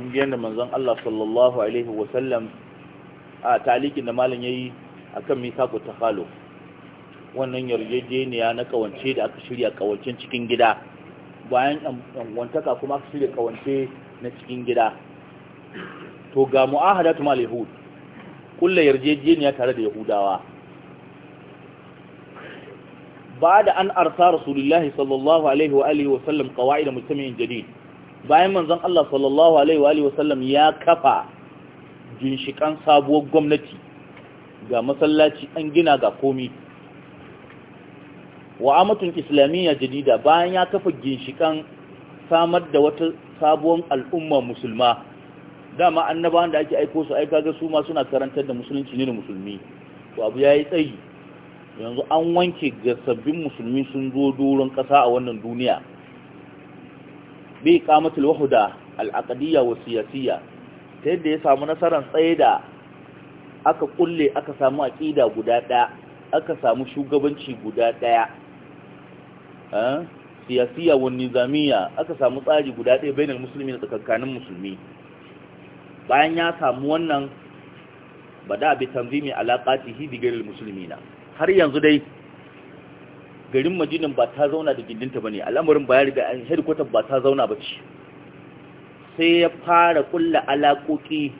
Kungiyar da manzon Allah sallallahu alaihi Wasallam a talikin da malam yayi akan misaku takhaluf wannan yarjejeniya na kawance da aka shirya kawancen cikin gida bayan wantaka kuma aka shirya kawance na cikin gida to ga mu'ahadatu mal yahud kullu yarjejeniya tare da yahudawa ba da an arsa rasulullahi sallallahu alaihi wa alihi wa sallam qawaid mujtami'in jadid bayan manzon Allah sallallahu alaihi wa sallam ya kafa ginshikan sabuwar gwamnati ga masallaci an gina ga komi wa amatun islamiyya jadida bayan ya kafa ginshikan samar da wata sabuwar al'umma musulma dama annabawan da ake aiko su aika ga su ma suna karantar da musulunci ne da musulmi to abu yayi tsayi yanzu an wanke ga sabbin musulmi sun zo doron kasa a wannan duniya bi iqamatul wahda al-aqdiyya wa siyasiyya ta yadda ya samu nasarar tsaye da aka kulle aka samu aqida guda daya aka samu shugabanci guda daya eh siyasiyya wa nizamiyya aka samu tsari guda daya bainal muslimin da tsakanin musulmi bayan ya samu wannan bada bi tanzimi alaqatihi bi ghairil muslimina har yanzu dai garin madinan ba ta zauna da gindinta ba ne al'amarin ba ya riga an hedikwatar ba ta zauna ba ce sai ya fara kulla alaƙoƙi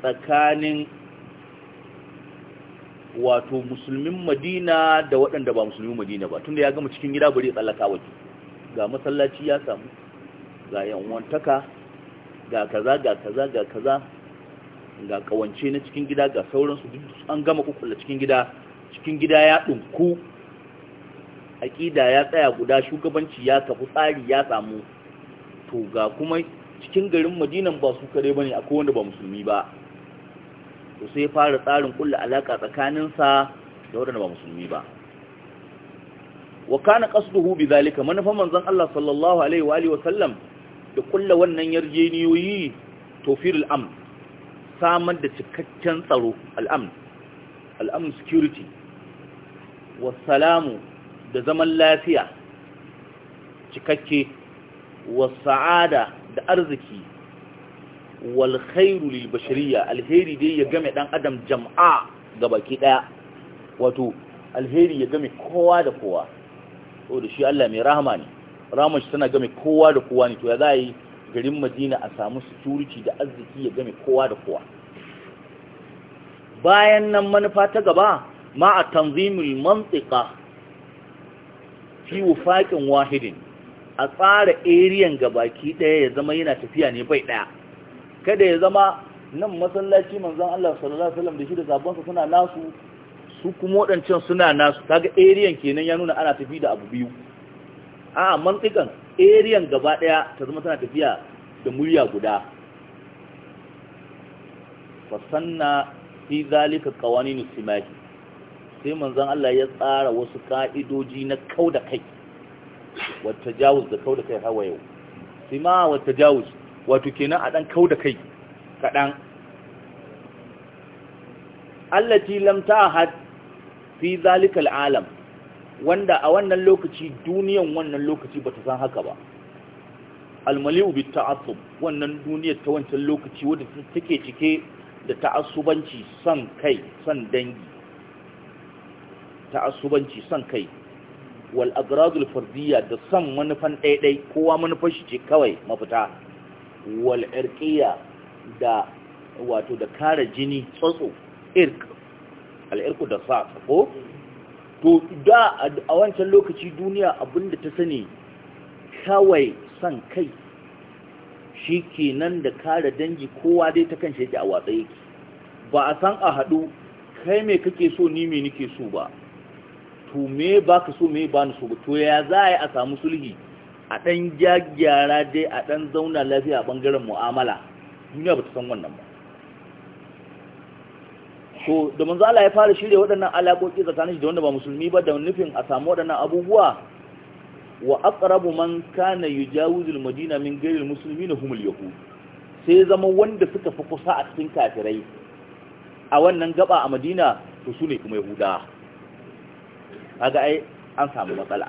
tsakanin wato musulmin madina da waɗanda ba musulmin madina ba tunda ya gama cikin gida bari tsallaka waje ga masallaci ya samu ga yawantaka ga kaza ga kaza ga kaza ga kawance na cikin gida ga sauransu an gama kukula cikin gida cikin gida ya ɗunku aƙida ya tsaya guda shugabanci ya tafi tsari ya samu to ga kuma cikin garin madinan ba su kare bane akwai wanda ba musulmi ba to sai fara tsarin kulla alaka tsakaninsa da wanda ba musulmi ba wa kana qasduhu bidhalika manafa manzon Allah sallallahu alaihi wa alihi wa sallam da kulla wannan yarjeniyoyi tawfirul amn samar da cikakken tsaro al-amn al security wa salamu da zaman lafiya cikakke wa sa'ada da arziki wal khairu lil bashariya alheri dai ya game dan adam jam'a ga baki daya wato alheri ya game kowa da kowa to da shi Allah mai rahama ne rahama shi tana game kowa da kowa ne to ya za yi garin Madina a samu security da arziki ya game kowa da kowa bayan nan manufa ta gaba ma a tanzimul mantika fi wufaƙin wahidin a tsara eriyan gabaki ɗaya ya zama yana tafiya ne bai ɗaya kada ya zama nan masallaci manzan Allah sallallahu Alaihi da shi da zabonsa suna nasu su kuma waɗancan suna nasu kaga eriyan kenan ya nuna ana tafi da abu biyu a mantikan eriyan gaba ɗaya ta zama tana tafiya da murya guda fasanna fi zalika qawanin nusimaki sai manzan Allah ya tsara wasu ka'idoji na kau da kai wata jawus da kau da kai hawa yau sai ma wata jawus wato kenan a ɗan kau da kai kaɗan allati lam ta'had fi zalikal alam, wanda a wannan lokaci duniyan wannan lokaci ba ta san haka ba almali'u bi ta'assub wannan duniyar ta wancan lokaci wadda take cike da ta'assubanci son kai son dangi ta'assubanci son kai wal agradul fardiyya da son manufan ɗaiɗai kowa manufar shi ce kawai mafita wal irqiyya da wato da kare jini tsotso irk al da sa ko to da a wancan lokaci duniya abinda ta sani kawai son kai shi kenan da kare dangi kowa dai ta kan shi yake a watsa yake ba a san a haɗu kai me kake so ni me nake so ba to me ba ka so me ba ni so to ya za a yi a samu sulhi a ɗan gyaggyara dai a ɗan zauna lafiya a ɓangaren mu'amala duniya ba ta san wannan ba To da manzo Allah ya fara shirya waɗannan alaƙoƙi tsakanin shi da wanda ba musulmi ba da nufin a samu waɗannan abubuwa wa aqrabu man kana yujawizu al-madina min ghayri al-muslimin hum al-yahud sai zama wanda suka fi kusa a cikin kafirai a wannan gaba a Madina to su ne kuma Yahudawa kaga ai an samu matsala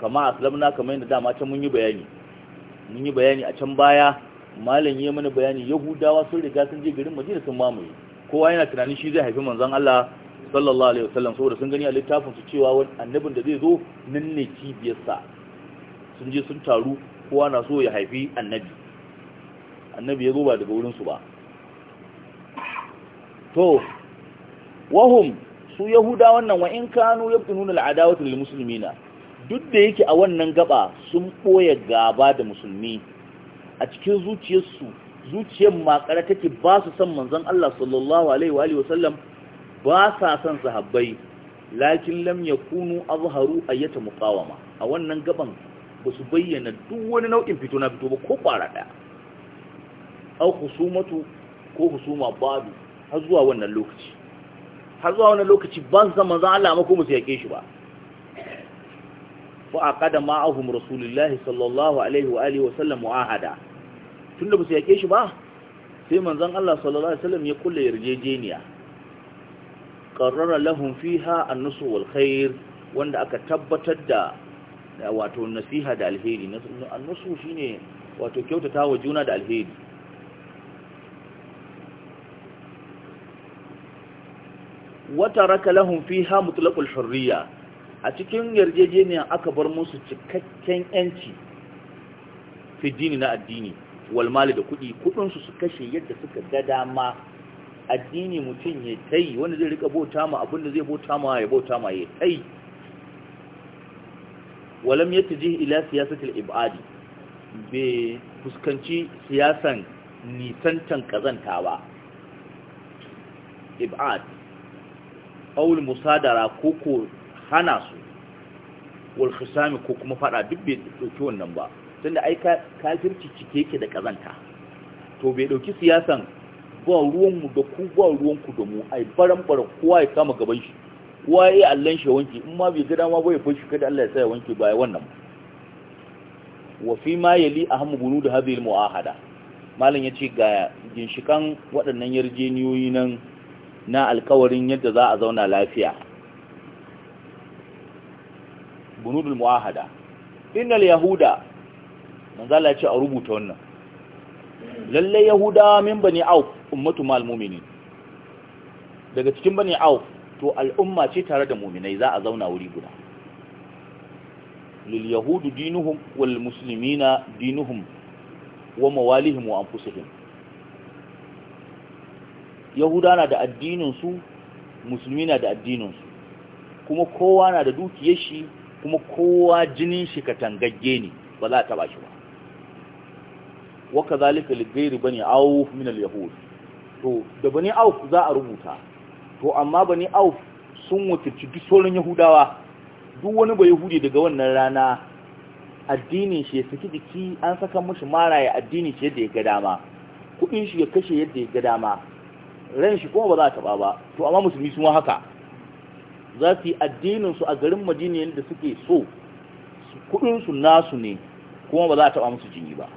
kama aslamna kamar yadda dama can mun yi bayani mun yi bayani a can baya malam ya mana bayani yahudawa sun riga sun je garin madina sun mamaye kowa yana tunanin shi zai haifi manzon Allah sallallahu alaihi wasallam saboda sun gani a littafin su cewa wani annabin da zai zo nan ne cibiyar sa sun je sun taru kowa na so ya haifi annabi annabi ya zo ba daga wurin su ba to wahum su yahuda wannan wa in kanu yabtununa al'adawata lil muslimina duk da yake a wannan gaba sun koya gaba da musulmi a cikin zuciyarsu zuciyar makara take ba su san manzon Allah sallallahu alaihi wa alihi wasallam ba sa san sahabbai lakin lam yakunu azharu ayyata muqawama a wannan gaban ba su bayyana duk wani nau'in fito na fito ba ko kwara daya au husumatu ko husuma babu har zuwa wannan lokaci har zuwa wani lokaci ban san manzon Allah ma ko musu yake shi ba fa aqada ma'ahum rasulullahi sallallahu alaihi wa alihi wa sallam mu'ahada tunda musu yake shi ba sai manzon Allah sallallahu alaihi wasallam ya kulle yarjejeniya qarrara lahum fiha an-nusu wal khair wanda aka tabbatar da wato nasiha da alheri an-nusu shine wato kyautatawa juna da alheri wata raka lahun fi ha mutulakul shurriya a cikin yarjejeniya aka bar musu cikakken yanci fi dini na addini walmali da kuɗi kuɗinsu su kashe yadda suka ga dama addini mutum ya ta'i, wanda zai rika bauta ma abinda zai bauta ma ya bauta ma ya ta walam ya tuji ila siyasatul ibadi bai fuskanci siyasan nisantan kazanta ba ibad awul musadara ko ko hana su wal khisam ko kuma fada duk bai dauki wannan ba tunda ai kafirci cike yake da kazanta to bai dauki siyasan ba ruwan mu da ku ba ruwan ku da mu ai barambara kowa ya kama gaban shi kowa ya Allah shi wanki in ma bai ga dama ba ya fashi kada Allah ya sa wanki ba wannan wa fi ma yali aham bunu da hadhihi al muahada malam yace ga ginshikan waɗannan yarjeniyoyi nan na alkawarin yadda za a zauna lafiya bunudul mu'ahada innal yahuda manzala ce a rubuta wannan Lallai yahuda min bani auf ummatu mal mu'minin daga cikin bani auf to al'umma ce tare da mu'minai za a zauna wuri guda lil yahudu dinuhum wal muslimina dinuhum wa mawalihim wa anfusihim yahuda na da addininsu musulmi na da addininsu kuma kowa na da dukiyar shi kuma kowa jinin shi katangagge ne ba za a taba shi ba waka zalika ligairi bane auf min al-yahud to da bane auf za a rubuta to amma bane auf sun wakilci duk sauran yahudawa duk wani ba yahudi daga wannan rana addinin shi ya saki jiki an saka mashi maraya addinin shi yadda ya ga dama kudin shi ya kashe yadda ya ga dama ran shi kuma ba za a taba ba to amma musulmi su ma haka za su yi addinin su a garin madina yadda suke so kudin su nasu ne kuma ba za a taba musu jini ba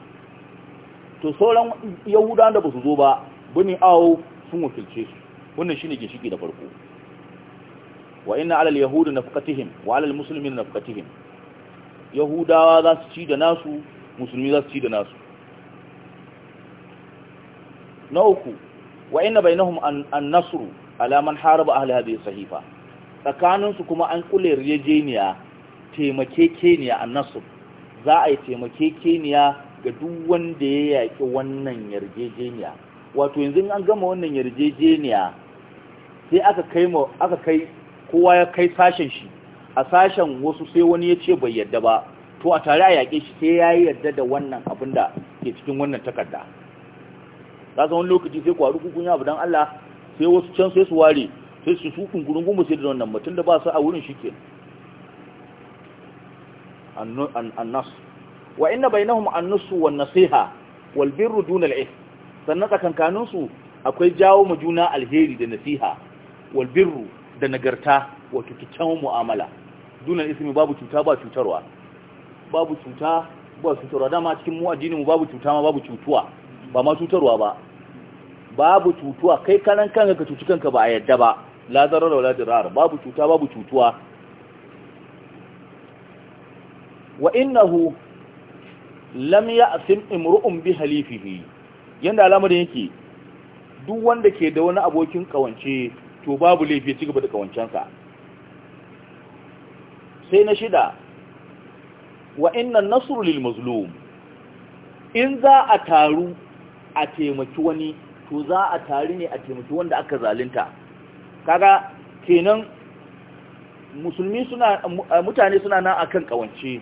to sauran yahuda da ba su zo ba bani awo sun wakilce su wannan shine ginshiki da farko wa inna alal yahudi nafqatihim wa alal muslimin nafqatihim yahudawa za su ci da nasu musulmi za su ci da nasu na uku wa inna bainahum an-nasr ala man haraba ahli hadhihi sahifa tsakanin su kuma an kule rijeniya taimakekeniya an-nasr za a yi taimakekeniya ga duk wanda ya yaki wannan yarjejeniya wato yanzu an gama wannan yarjejeniya sai aka kai aka kai kowa ya kai sashen shi a sashen wasu sai wani ya ce bai yadda ba to a tare a yaƙe shi sai yayi yarda da wannan abin da ke cikin wannan takarda kasa wani lokaci sai ku kukun ya yi abu dan Allah sai wasu can sai su ware sai su su kunkurin gumu sai da wannan mutum da ba su a wurin ke annas wa inna bainahum annusu wa nasiha wal birru dun sannan tsakankaninsu akwai jawo mu juna alheri da nasiha wal da nagarta wa kikkiawan mu'amala dunan ismi babu cuta ba cutarwa babu cuta ba cutarwa dama cikin mu mu babu cuta ma babu cutuwa ba ma cutarwa ba babu cutuwa kai kanan kanka ka cuci kanka ba a yadda ba la da wala dirar babu cuta babu cutuwa wa innahu lam ya'sim imru'un bi halifihi yanda alamar yake duk wanda ke da wani abokin kawance to babu laifi ci gaba da kawancensa sai na shida wa inna nasru lil mazlum in za a taru a taimaki wani to za a tari ne a taimaki wanda aka zalunta kaga kenan musulmi suna eh, mutane suna nan akan kawance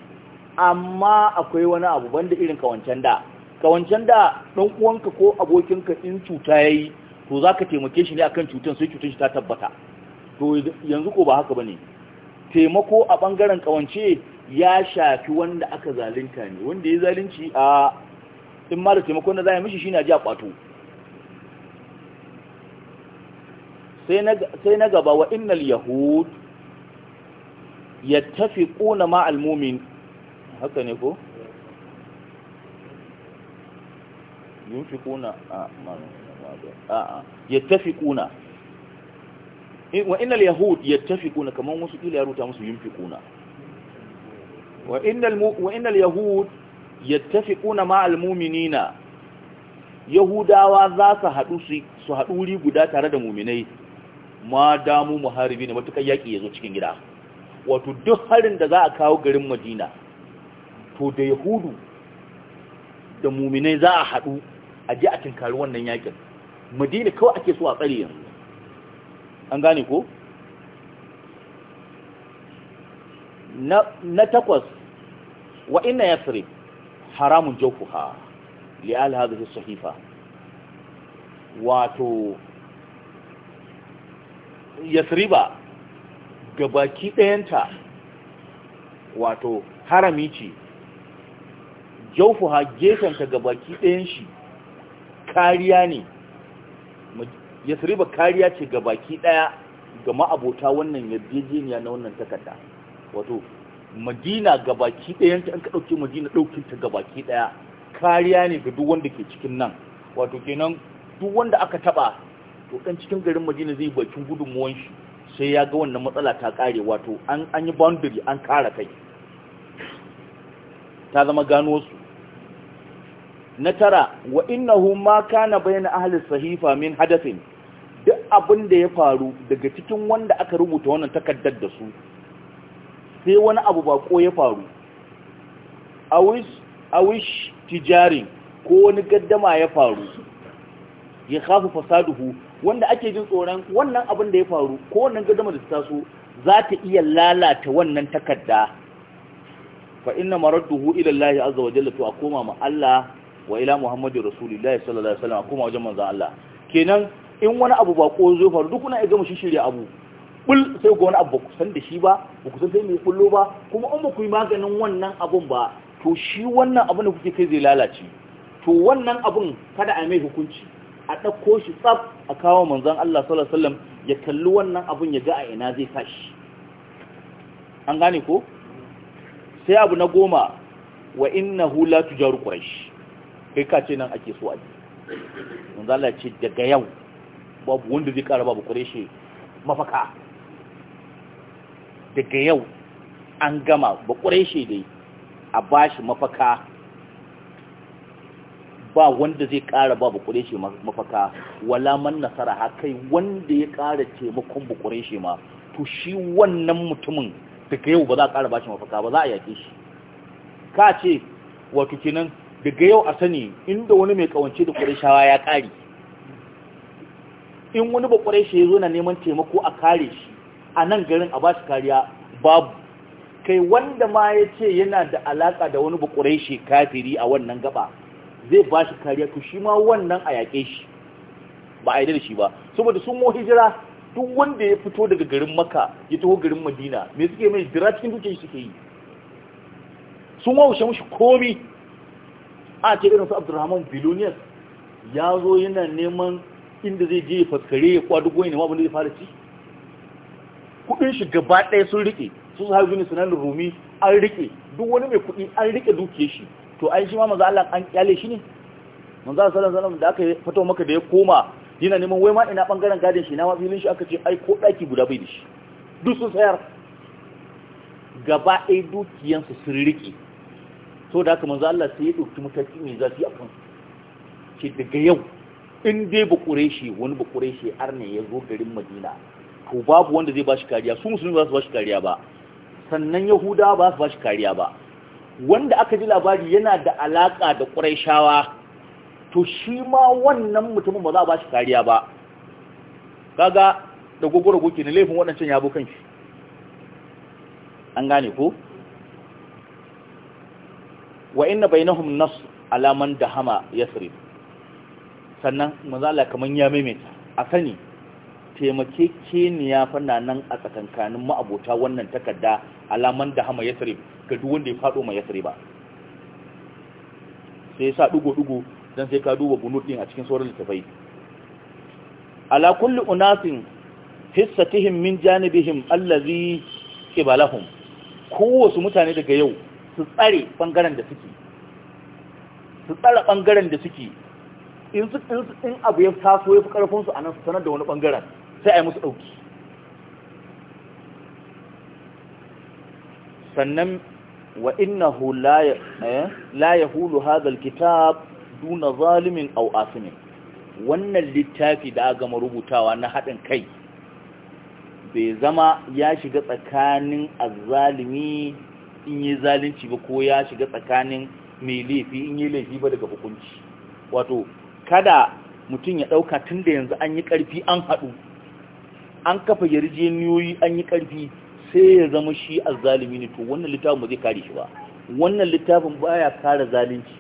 amma akwai wani abu banda irin kawancen da kawancen da dan uwanka ko abokinka in cuta yayi to za ka taimake shi ne akan cutan sai cutan shi ta tabbata to yanzu ko ba haka bane taimako a bangaren kawance ya shafi wanda aka zalunta ne wanda ya zalunci a ah, in ma da taimakon da za a mishi shi na ji a kwato sai na gaba wa innal yahud ƙuna ma almumin haka ne ko ƙuna a tafi ƙuna eh, wa innal yahud ƙuna kamar wasu ƙila ya ruta musu yunfiquna fi ƙuna wa innal yahud ƙuna ma almuminina yahudawa za su haɗu su haɗu wuri guda tare da muminai ma damu muharibi ne matukar yaƙi ya zo cikin gida wato duk harin da za a kawo garin madina to da yahudu da muminai za a haɗu a je a tinkari wannan yaƙin madina kawai ake so a tsare yanzu an gane ko na takwas wa ina tsari haramun jawfuha li hadu su sahifa wato yasriba ga baki ɗayanta wato harami ce jaufuha gefenta ga baki ɗayan shi kariya ne yasriba kariya ce ga baki ɗaya ga ma'abota wannan yarjejeniya na wannan takarda wato madina ga baki ɗayanta an ka ɗauke madina ɗaukinta ga baki ɗaya kariya ne ga duk wanda ke cikin nan wato kenan duk wanda aka taɓa. to ɗan cikin garin madina zai bakin gudunmuwan shi sai ya ga wannan matsala ta kare wato an yi boundary an kara kai ta zama gano su na tara wa innahu ma kana bayyana ahalin sahifa min hadafin duk abin da ya faru daga cikin wanda aka rubuta wannan takardar da su sai wani abu bako ya faru A wish tijarin ko wani gaddama ya faru ya kafa fasaduhu wanda ake jin tsoron wannan abin da ya faru ko wannan gadama da ta taso za ta iya lalata wannan takarda fa inna maradduhu ila Allah azza wa jalla to a koma ma Allah wa ila Muhammadu Rasulullahi sallallahu alaihi wasallam a koma wajen manzon Allah kenan in wani abu ba ko zo faru duk kuna iya gama shi shirya abu bul sai ga wani abu ku san da shi ba ba ku san sai mai kullo ba kuma in ba ku yi maganin wannan abun ba to shi wannan abun da kuke kai zai lalace to wannan abun kada a mai hukunci a ɗauko shi tsaf a kawo manzan Allah sallallahu alaihi wasallam ya kalli wannan abun ya ga a ina zai tashi an gane ko sai abu na goma wa inna hula tujar quraish kai ka ce nan ake so a ji Allah ce daga yau babu wanda zai ƙara babu quraishi mafaka daga yau an gama ba quraishi dai a bashi mafaka ba wanda zai ƙara ba bukure shi mafaka wala man nasara hakai wanda ya ƙara taimakon bukure shi ma to shi wannan mutumin daga yau ba za a ƙara ba shi mafaka ba za a yaƙe shi ka ce wato kenan daga yau a sani inda wani mai kawance da shawa ya ƙari in wani ba shi ya zo na neman taimako a kare shi a nan garin a ba shi kariya babu kai wanda ma ya ce yana da alaƙa da wani ba shi kafiri a wannan gaba zai ba shi kariya to shi ma wannan a yaƙe shi ba a yi da shi ba saboda sun mo hijira duk wanda ya fito daga garin maka ya taho garin madina me suke mai jira cikin dukiyar shi suke yi sun shi mushi komi a ce irin su abdurrahman ya zo yana neman inda zai je ya faskare ya kwadugo ya nema abin da zai fara ci kudin shi gaba ɗaya sun rike sun ne sunan rumi an rike duk wani mai kudi an rike dukiyar shi to ai shi ma manzo Allah an kyale shi ne manzo Allah sallallahu alaihi wasallam da aka fito maka da ya koma yana neman wai ma ina bangaren gadin shi na ma filin shi aka ce ai ko daki guda bai da shi duk sun sayar gaba ɗaya dukiyansu sun riƙe so da haka manzo Allah sai ya ɗauki mataki mai zafi a kan ce daga yau in dai bakure shi wani bakure shi arne ya zo garin Madina to babu wanda zai bashi kariya su musulmi ba su bashi kariya ba sannan Yahuda ba su bashi kariya ba wanda aka ji labari yana da alaƙa da ƙuraishawa to shi ma wannan mutumin ba za a ba shi kariya ba kaga da gogoro goke na laifin waɗancan ya bukan shi an gane ko wa inna bainahum nas alaman dahama yasrib sannan manzo kaman ya maimaita a sani taimake keniya fana nan a tsakankanin ma'abota wannan takarda alaman da hama yasrib ga duk wanda ya fado ma ba. sai sa dugo-dugo don sai ka duba bunut din a cikin sauran littafai ala kulli unasin hissatihim min janibihim allazi qibalahum kowace mutane daga yau su tsare bangaren da suke su tsare bangaren da suke in abu ya taso ya fi karfinsu a nan su sanar da wani bangaren sai a yi musu ɗauki sannan wa hu la eh, hulu zalumin alkitab duna zalimin au asimin wannan littafi da aka gama rubutawa na haɗin kai bai zama ya shiga tsakanin azalimi in yi zalunci ba ko ya shiga tsakanin mai laifi in yi laifi ba daga hukunci wato kada mutum ya ɗauka tun da yanzu an yi ƙarfi an haɗu an kafa yarjeniyoyi an yi ƙarfi sai ya zama shi azzalimi ne to wannan littafin ba zai kare shi ba wannan littafin baya kare zalunci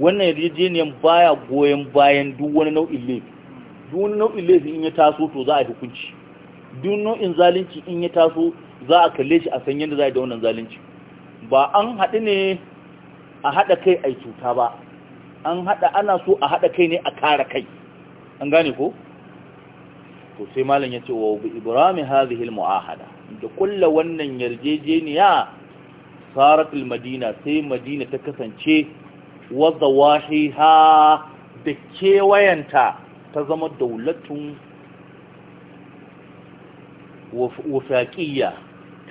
wannan yarjejeniyan baya goyon bayan duk wani nau'in laifi duk wani nau'in laifi in ya taso to za a hukunci duk nau'in zalunci in ya taso za a kalle shi a san yadda za a yi da wannan zalunci ba an haɗu ne a haɗa kai a cuta ba an haɗa ana so a haɗa kai ne a kare kai an gane ko to sai malam ce, wa bi ibrami hadhihi al muahada da kulla wannan yarjejeniya sarat madina sai madina ta kasance wa zawahiha da kewayanta ta zama daulatun wafaƙiyya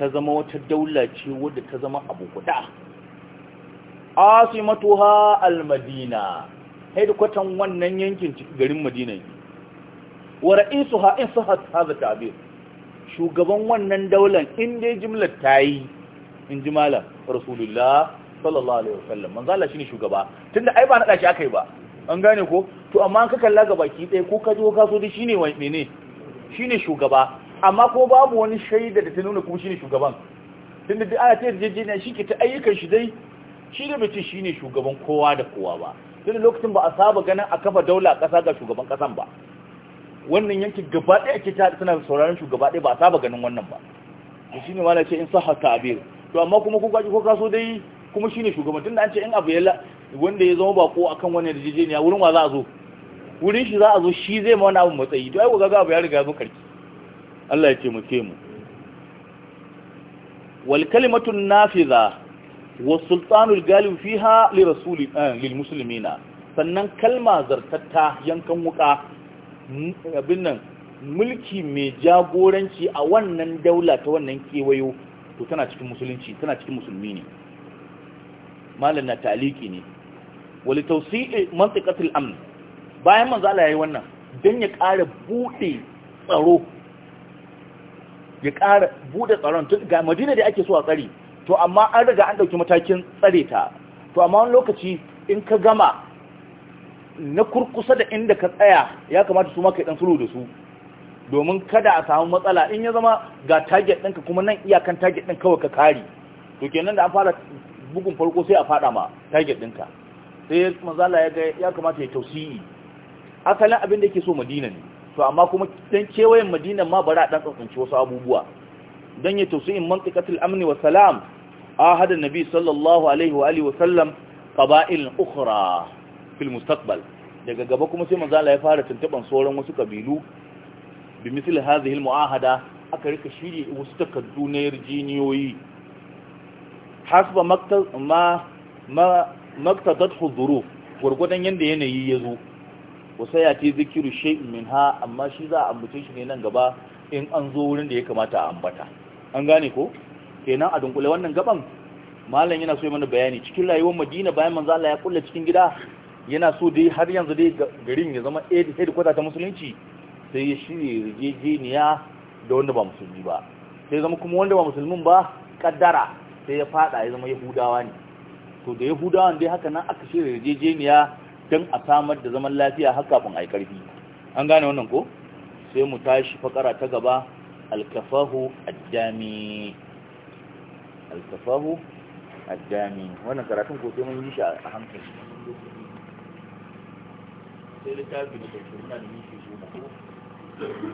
ta zama wata daula ce wadda ta zama abu guda asimatuha al-madina haidukwatan wannan yankin garin madina wa ra'isuha in sahat hadha ta'bir shugaban wannan daular in dai jimlar tayi in ji malam rasulullah sallallahu alaihi wasallam manzo Allah shine shugaba tunda ai ba na dashi akai ba an gane ko to amma ka kalla ga baki dai ko ka zo ka so dai shine wani ne shine shugaba amma ko babu wani shaida da ta nuna kuma shine shugaban tunda duk ana ta yarjejeniya shi ke ta ayyukan shi dai shi da bai shine shugaban kowa da kowa ba tunda lokacin ba a saba ganin a kafa daula ƙasa ga shugaban ƙasan ba wannan yankin gaba ɗaya ake ta suna sauraron shi gaba ɗaya ba a saba ganin wannan ba to shine ma na ce in sahha ta'bir to amma kuma ko kaji ko kaso dai kuma shine shugaban tunda an ce in abu yalla wanda ya zama bako akan wannan rijijeniya wurin wa za a zo wurin shi za a zo shi zai ma wani abu matsayi to ai ga abu ya riga zo karki Allah ya ce mu ke mu wal kalimatun nafiza wa sultanul galib fiha li rasuli eh, lil muslimina sannan kalma zartatta yankan wuka abin nan mulki mai jagoranci a wannan daula ta wannan kewayo to tana cikin musulunci tana cikin musulmi ne malam na taliki ne wali tausi'i mantiqatul amn bayan manzo Allah yayi wannan dan ya ƙara bude tsaro ya ƙara bude tsaron ga Madina da ake so a tsari, to amma an riga an dauki matakin tsare ta to amma wani lokaci in ka gama na kurkusa da inda ka tsaya ya kamata su ma kai dan sulu da su domin kada a samu matsala in ya zama ga target ɗinka kuma nan iyakan target ɗin kawai ka kari. to kenan da an fara bugun farko sai a fada ma target ɗinka sai mazala ya ga ya kamata ya tausiyi asalin abin da yake so madina ne to amma kuma dan kewayen madina ma bara dan tsantsanci wasu abubuwa dan ya tausiyi mantiqatul amni wa salam ahad nabi sallallahu alaihi wa alihi wa sallam qaba'il ukhra fil mustaqbal daga gaba kuma sai manzo ya fara tuntuban sauran wasu kabilu bi misl hadhihi al muahada aka rika shiri wasu takaddu na yarjiniyoyi hasba ma ma maktadat dhuruf gurgudan yanda yanayi yazo wasa ya ce zikiru shay'in minha amma shi za a ambace shi ne nan gaba in an zo wurin da ya kamata a ambata an gane ko kenan a dunkule wannan gaban malam yana so ya mana bayani cikin rayuwar Madina bayan manzo Allah ya kulle cikin gida yana so dai har yanzu dai garin ya zama headquarter ta musulunci sai ya shirya yarjejeniya da wanda ba musulmi ba sai zama kuma wanda ba musulmin ba kaddara sai ya fada ya zama yahudawa ne to da yahudawan dai haka nan aka shirya yarjejeniya don a samar da zaman lafiya haka kun ai karfi an gane wannan ko sai mu tashi fakara ta gaba alkafahu addami alkafahu addami wannan karatun ko sai mun yi shi a hankali sai littafi da ke suna da miki goma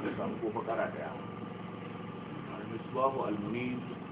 ko samu ko fakara daya al-misbahu al-munir